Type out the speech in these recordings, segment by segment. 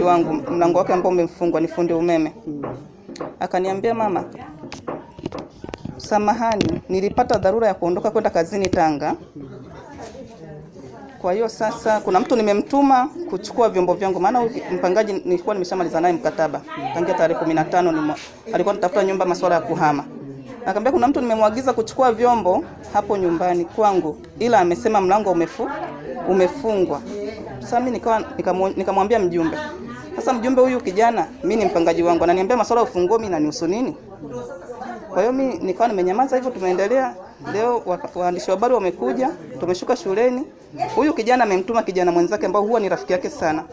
mtaji wangu mlango wake ambao umefungwa ni fundi umeme, akaniambia mama, samahani, nilipata dharura ya kuondoka kwenda kazini Tanga, kwa hiyo sasa kuna mtu nimemtuma kuchukua vyombo vyangu, maana mpangaji nilikuwa nimeshamaliza naye mkataba tangia tarehe 15 alikuwa anatafuta nyumba, masuala ya kuhama Akaambia kuna mtu nimemwagiza kuchukua vyombo hapo nyumbani kwangu, ila amesema mlango umefu, umefungwa. Sasa mimi nikawa nikamwambia mjumbe, sasa mjumbe huyu kijana, mimi ni mpangaji wangu, ananiambia masuala ya ufunguo, mimi nanihusu nini? Kwa hiyo mimi nikawa nimenyamaza hivyo, tumeendelea. Leo waandishi wa habari wamekuja, tumeshuka shuleni. Huyu kijana amemtuma kijana mwenzake ambao huwa ni rafiki yake sana,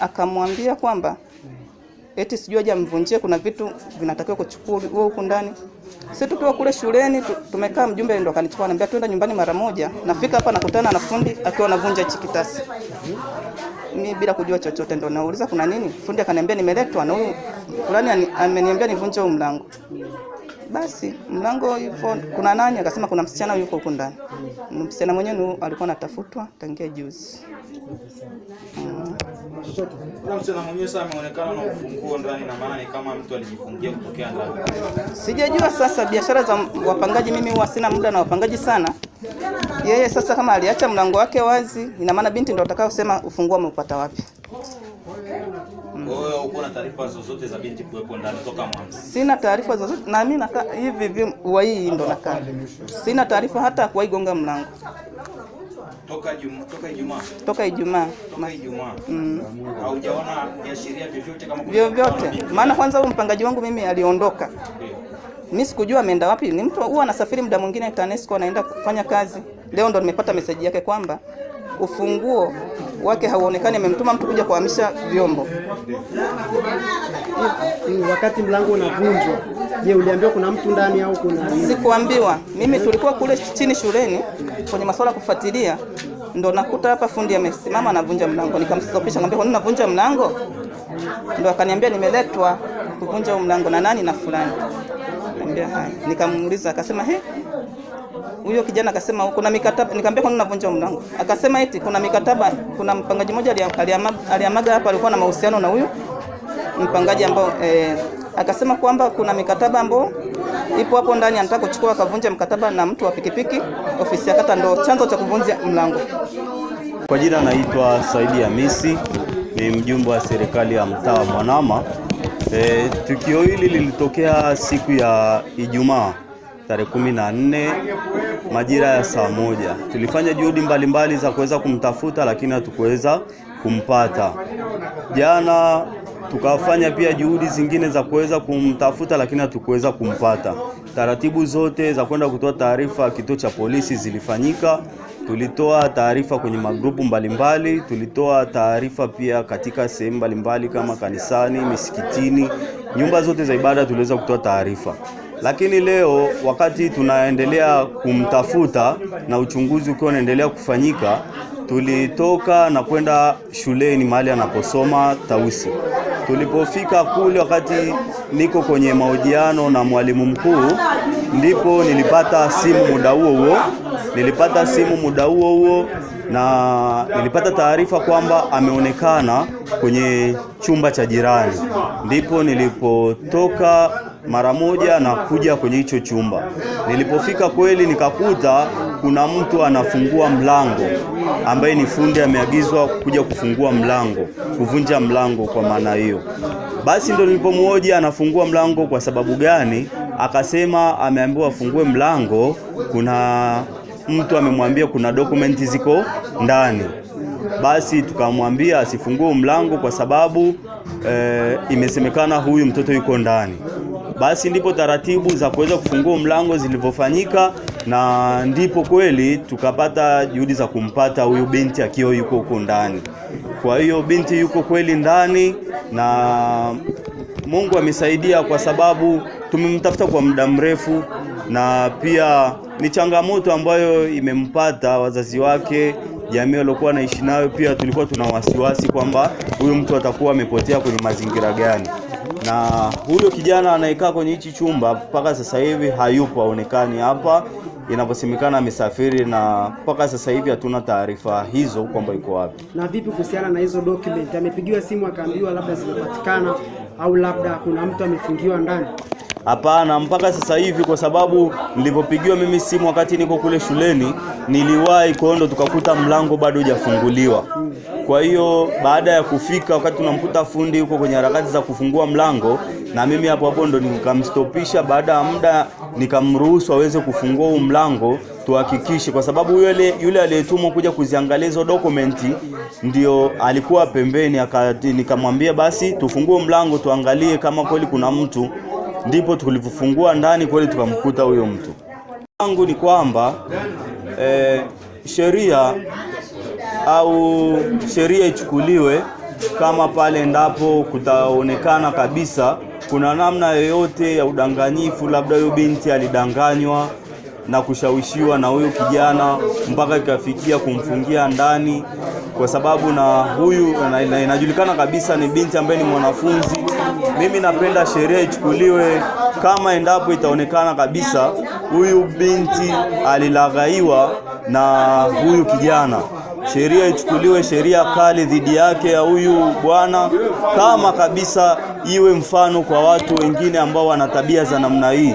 akamwambia kwamba eti sijui aje amvunjie, kuna vitu vinatakiwa kuchukua huko ndani. Sisi tukiwa kule shuleni tumekaa, mjumbe ndo akanichukua, ananiambia twenda nyumbani mara moja. Nafika hapa nakutana na fundi akiwa anavunja chikitasi mimi bila kujua chochote, ndo nauliza kuna nini. Fundi akaniambia nimeletwa na huyu fulani, ameniambia nivunje huu mlango. Basi mlango yupo, kuna nani? Akasema kuna msichana yuko huko ndani. Msichana mwenyewe alikuwa anatafutwa tangia juzi. Kuna msichana mwenyewe sasa ameonekana na ufunguo ndani, na maana ni kama mtu alijifungia kutokea ndani. Sijajua sasa biashara za wapangaji, mimi huwa sina muda na wapangaji sana yeye sasa kama aliacha mlango wake wazi, ina maana binti ndio atakayosema sema ufunguo wapi. Sina taarifa zozote na mimi nakaa hivi hivi wa hii ndo nakaa. Sina taarifa hata kuwaigonga mlango toka Ijumaa toka Ijumaa toka Ijumaa toka mm. Ijumaa Haujaona viashiria vyovyote kama vyovyote, maana kwanza huyo mpangaji wangu mimi aliondoka, okay. Eh. Mimi sikujua ameenda wapi. Ni mtu huwa anasafiri muda mwingine TANESCO anaenda kufanya kazi. Leo ndo nimepata meseji yake kwamba ufunguo wake hauonekani, amemtuma mtu kuja kuhamisha vyombo. Wakati mlango unavunjwa, je, uliambiwa kuna mtu ndani au kuna? Sikuambiwa mimi, tulikuwa kule chini shuleni kwenye masuala kufuatilia, ndo nakuta hapa fundi amesimama anavunja mlango. Nikamstopisha, ngambia kwa nini unavunja mlango? Ndo akaniambia nimeletwa kuvunja mlango na nani na fulani nikamwambia haya, ah, nikamuuliza akasema he, huyo kijana akasema kuna mikataba. Nikamwambia kwa nini unavunja mlango? Akasema eti kuna mikataba, kuna mpangaji mmoja aliamaga hapa, alikuwa na mahusiano na huyo mpangaji ambao eh, akasema kwamba kuna mikataba ambayo ipo hapo ndani, anataka kuchukua, akavunja mkataba na mtu wa pikipiki ofisi ya kata, ndo chanzo cha kuvunja mlango. Kwa jina naitwa Saidi Hamisi, ni mjumbe wa serikali ya mtaa wa Mwanama. E, tukio hili lilitokea siku ya Ijumaa tarehe kumi na nne majira ya saa moja. Tulifanya juhudi mbalimbali za kuweza kumtafuta lakini hatukuweza kumpata. Jana tukafanya pia juhudi zingine za kuweza kumtafuta lakini hatukuweza kumpata. Taratibu zote za kwenda kutoa taarifa kituo cha polisi zilifanyika Tulitoa taarifa kwenye magrupu mbalimbali Tulitoa taarifa pia katika sehemu mbalimbali kama kanisani, misikitini, nyumba zote za ibada tuliweza kutoa taarifa. Lakini leo wakati tunaendelea kumtafuta na uchunguzi ukiwa unaendelea kufanyika, tulitoka na kwenda shuleni mahali anaposoma Tausi. Tulipofika kule, wakati niko kwenye mahojiano na mwalimu mkuu, ndipo nilipata simu muda huo huo Nilipata simu muda huo huo na nilipata taarifa kwamba ameonekana kwenye chumba cha jirani, ndipo nilipotoka mara moja na kuja kwenye hicho chumba. Nilipofika kweli nikakuta kuna mtu anafungua mlango, ambaye ni fundi ameagizwa kuja kufungua mlango, kuvunja mlango kwa maana hiyo. Basi ndo nilipomwoja anafungua mlango kwa sababu gani, akasema ameambiwa afungue mlango, kuna mtu amemwambia kuna dokumenti ziko ndani, basi tukamwambia asifungue mlango kwa sababu e, imesemekana huyu mtoto yuko ndani. Basi ndipo taratibu za kuweza kufungua mlango zilivyofanyika, na ndipo kweli tukapata juhudi za kumpata huyu binti akiwa yuko huko ndani. Kwa hiyo binti yuko kweli ndani na Mungu amesaidia kwa sababu tumemtafuta kwa muda mrefu, na pia ni changamoto ambayo imempata wazazi wake, jamii waliokuwa naishi nayo. Pia tulikuwa tuna wasiwasi kwamba huyu mtu atakuwa amepotea kwenye mazingira gani, na huyo kijana anayekaa kwenye hichi chumba mpaka sasa hivi hayupo, haonekani hapa inavyosemekana amesafiri, na mpaka sasa hivi hatuna taarifa hizo kwamba iko wapi na vipi. Kuhusiana na hizo document, amepigiwa simu akaambiwa labda zimepatikana au labda kuna mtu amefungiwa ndani. Hapana, mpaka sasa hivi, kwa sababu nilivyopigiwa mimi simu wakati niko kule shuleni, niliwahi kondo, tukakuta mlango bado hujafunguliwa. Kwa hiyo baada ya kufika, wakati tunamkuta fundi huko kwenye harakati za kufungua mlango, na mimi hapo hapo ndo nikamstopisha. Baada ya muda nikamruhusu aweze kufungua huu mlango tuhakikishe, kwa sababu yule yule aliyetumwa kuja kuziangalia hizo dokumenti ndio alikuwa pembeni. Nikamwambia basi tufungue mlango tuangalie kama kweli kuna mtu ndipo tulivufungua ndani kweli tukamkuta huyo mtu. Wangu ni kwamba eh, sheria au sheria ichukuliwe kama pale ndapo kutaonekana kabisa kuna namna yoyote ya udanganyifu, labda huyo binti alidanganywa na kushawishiwa na huyu kijana mpaka ikafikia kumfungia ndani, kwa sababu na huyu na, na, inajulikana kabisa ni binti ambaye ni mwanafunzi mimi napenda sheria ichukuliwe kama endapo itaonekana kabisa huyu binti alilaghaiwa na huyu kijana. Sheria ichukuliwe sheria kali dhidi yake ya huyu bwana, kama kabisa iwe mfano kwa watu wengine ambao wana tabia za namna hii.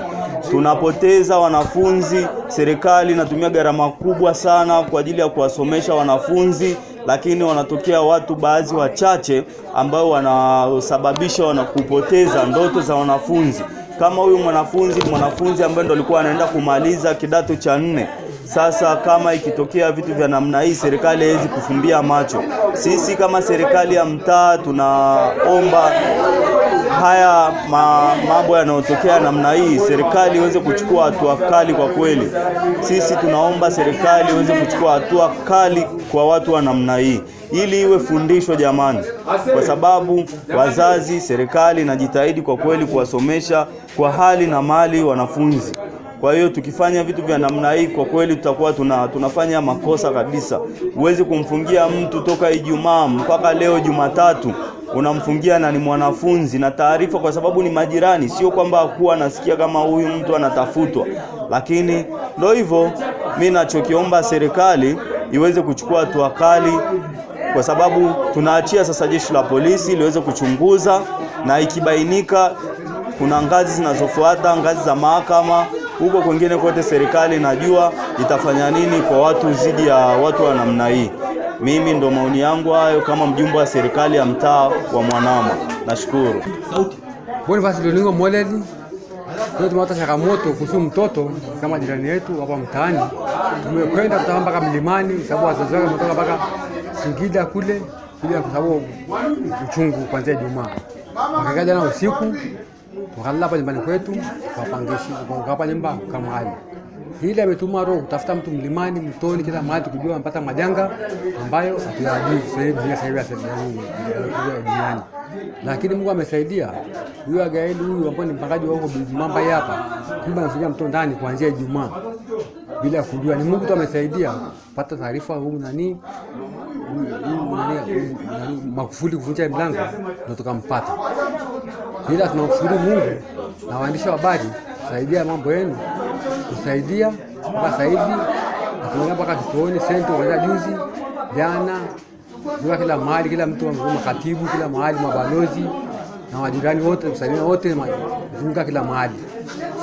Tunapoteza wanafunzi. Serikali inatumia gharama kubwa sana kwa ajili ya kuwasomesha wanafunzi lakini wanatokea watu baadhi wachache ambao wanasababisha wanakupoteza ndoto za wanafunzi kama huyu mwanafunzi mwanafunzi ambaye ndo alikuwa anaenda kumaliza kidato cha nne. Sasa kama ikitokea vitu vya namna hii, serikali haiwezi kufumbia macho. Sisi kama serikali ya mtaa tunaomba haya mambo yanayotokea namna hii, serikali iweze kuchukua hatua kali. Kwa kweli, sisi tunaomba serikali iweze kuchukua hatua kali kwa watu wa namna hii, ili iwe fundisho jamani, kwa sababu wazazi, serikali inajitahidi kwa kweli kuwasomesha kwa hali na mali wanafunzi. Kwa hiyo tukifanya vitu vya namna hii kwa kweli tutakuwa tuna, tunafanya makosa kabisa. Huwezi kumfungia mtu toka Ijumaa mpaka leo Jumatatu unamfungia na ni mwanafunzi na taarifa, kwa sababu ni majirani. Sio kwamba hakuwa anasikia kama huyu mtu anatafutwa, lakini ndio hivyo. Mimi nachokiomba serikali iweze kuchukua hatua kali, kwa sababu tunaachia sasa jeshi la polisi liweze kuchunguza, na ikibainika kuna ngazi zinazofuata, ngazi za mahakama huko kwingine kote, serikali inajua itafanya nini kwa watu zidi ya watu wa namna hii. Mimi ndo maoni yangu hayo kama mjumbe wa serikali ya mtaa wa Mwanama. Nashukuru. Bonifasi Lulingo Moleli, leo tumepata changamoto kuhusu mtoto kama jirani yetu hapa mtaani. Tumekwenda kutoka mpaka mlimani, sababu wazazi wake wametoka mpaka Singida kule ili kwa sababu uchungu kuanzia Ijumaa. Wakakaa jana usiku, tukalala hapa nyumbani kwetu, wapangishi, wakapa nyumba kama hali vile ametuma roho kutafuta mtu mlimani, mtoni, kila mahali, tukijua wanapata majanga ambayo hatuyajui duniani. Lakini Mungu amesaidia huyu Agaeli huyu ambaye ni mpangaji wa huko Mamba hapa, kumba anasuia mto ndani kuanzia Ijumaa bila kujua. Ni Mungu tu amesaidia pata taarifa huyu nani Magufuli kuvunja mlango ndio tukampata, ila tunamshukuru Mungu na waandishi wa habari, saidia mambo yenu tusaidia mpaka sasa hivi tunaona mpaka kituoni sente ea juzi jana kwa kila mahali, kila mtu makatibu, kila mahali mabalozi na majirani wote kusalimia wote zunguka kila mahali,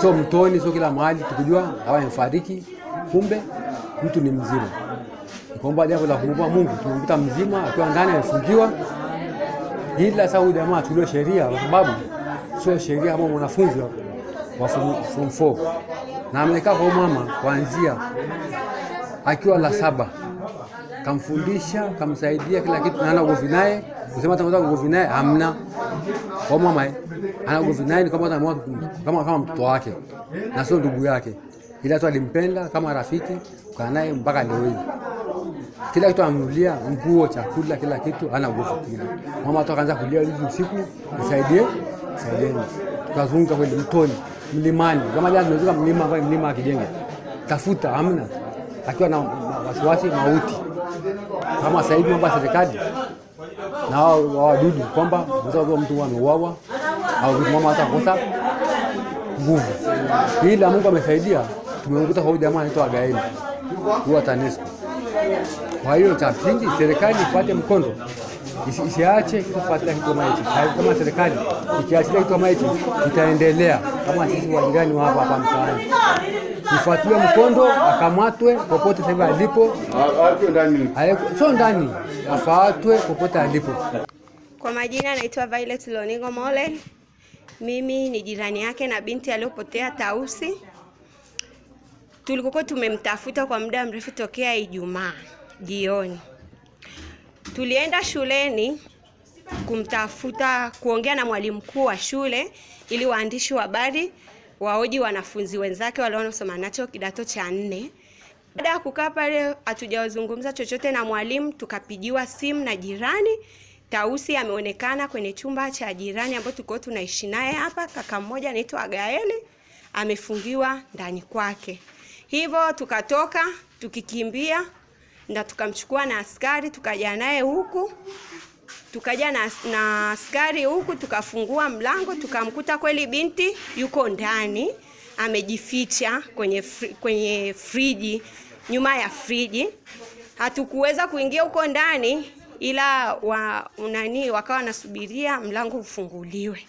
so mtoni, so kila mahali tukijua hawa mfariki, kumbe mtu ni mzima. Nikomba jambo la kumwomba Mungu, tumemkuta mzima akiwa ndani amefungiwa, ila sasa huyu jamaa tulio sheria, kwa sababu sio sheria kama mwanafunzi wa form 4 na amekaa kwa mama kuanzia akiwa la saba, kamfundisha kamsaidia kila kitu, na ana naye kusema tangu ugomvi naye hamna kwa mama, eh, ana ugomvi naye ni kama kama mtoto wake na sio ndugu yake, ila tu alimpenda kama rafiki, kaa naye mpaka leo hii. Kila kitu amnulia nguo, chakula, kila kitu, ana ugomvi kile. mama. Tokaanza kulia usiku, nisaidie, saidieni, tukazunguka kweli mtoni mlimani. Kama jana tumezuka mlima kwa mlima akijenge tafuta hamna, akiwa na wasiwasi mauti. Kama sasa hivi mambo ya serikali na wadudu kwamba mzazo mtu ameuawa au mtu mama atakosa nguvu, ila Mungu amesaidia, tumemkuta kwa jamaa anaitwa Gaeli huwa TANESCO. Kwa hiyo cha msingi serikali ipate mkondo isiache kufuatilia Kigoma hichi, kama serikali ikiachilia Kigoma hichi kitaendelea kama sisi wajirani wa hapa hapa mtaani, mkondo akamatwe popote sasa alipo, sio ndani, afaatwe popote alipo. Kwa majina naitwa Violet Loningo Mole, mimi ni jirani yake na binti aliyopotea Tausi. Tulikuwa tumemtafuta kwa muda mrefu tokea Ijumaa jioni tulienda shuleni kumtafuta kuongea na mwalimu mkuu wa shule ili waandishi wa habari waoji wanafunzi wenzake walio wanaosoma nacho kidato cha nne. Baada ya kukaa pale, hatujazungumza chochote na mwalimu, tukapigiwa simu na jirani. Tausi ameonekana kwenye chumba cha jirani ambapo tuko tunaishi naye hapa, kaka mmoja anaitwa Gaeli, amefungiwa ndani kwake. Hivyo tukatoka tukikimbia na tukamchukua na askari tukaja naye huku tukaja na, na askari huku tukafungua mlango tukamkuta kweli binti yuko ndani amejificha kwenye, fri, kwenye friji nyuma ya friji. Hatukuweza kuingia huko ndani, ila wa, unani wakawa wanasubiria mlango ufunguliwe.